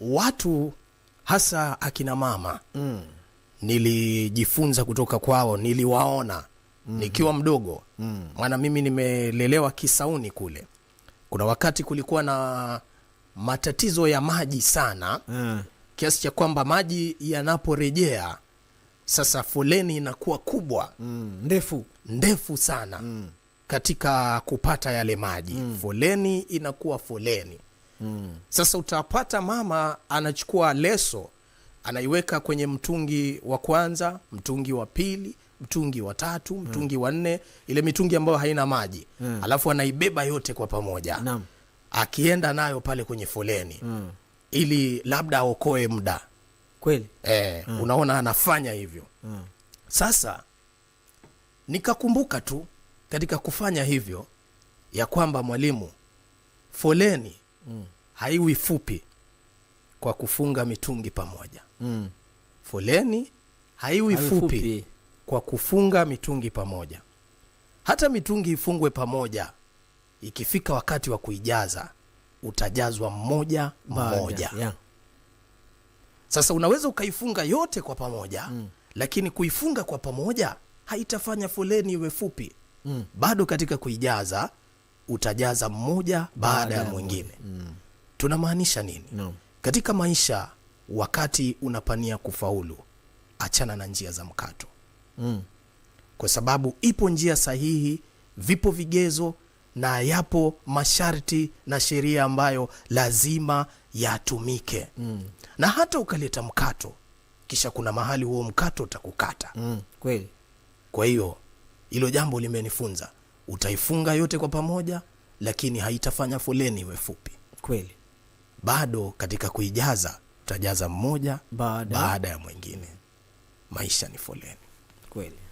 watu hasa akina mama mm. nilijifunza kutoka kwao, niliwaona mm. nikiwa mdogo mm. maana mimi nimelelewa Kisauni kule. Kuna wakati kulikuwa na matatizo ya maji sana mm. kiasi cha kwamba maji yanaporejea sasa foleni inakuwa kubwa mm. ndefu ndefu sana mm. katika kupata yale maji mm. foleni inakuwa foleni mm. Sasa utapata mama anachukua leso anaiweka kwenye mtungi wa kwanza, mtungi wa pili, mtungi wa tatu, mtungi mm. wa nne, ile mitungi ambayo haina maji mm. alafu anaibeba yote kwa pamoja Naam. akienda nayo pale kwenye foleni mm. ili labda aokoe muda kweli e, mm. unaona anafanya hivyo mm. Sasa nikakumbuka tu katika kufanya hivyo ya kwamba mwalimu, foleni mm. haiwi fupi kwa kufunga mitungi pamoja mm. foleni haiwi fupi, fupi kwa kufunga mitungi pamoja. Hata mitungi ifungwe pamoja, ikifika wakati wa kuijaza utajazwa mmoja mmoja, yeah. Sasa unaweza ukaifunga yote kwa pamoja mm. lakini kuifunga kwa pamoja haitafanya foleni iwe fupi mm. bado katika kuijaza utajaza mmoja baada ya mwingine. Mm. Tunamaanisha nini? No. Katika maisha wakati unapania kufaulu, achana na njia za mkato. Mm. Kwa sababu ipo njia sahihi, vipo vigezo na yapo masharti na sheria ambayo lazima yatumike. Mm. Na hata ukaleta mkato, kisha kuna mahali huo mkato utakukata. Mm, kweli. Kwa hiyo hilo jambo limenifunza utaifunga yote kwa pamoja, lakini haitafanya foleni iwe fupi. Kweli bado katika kuijaza utajaza mmoja baada, baada ya mwingine. Maisha ni foleni kweli.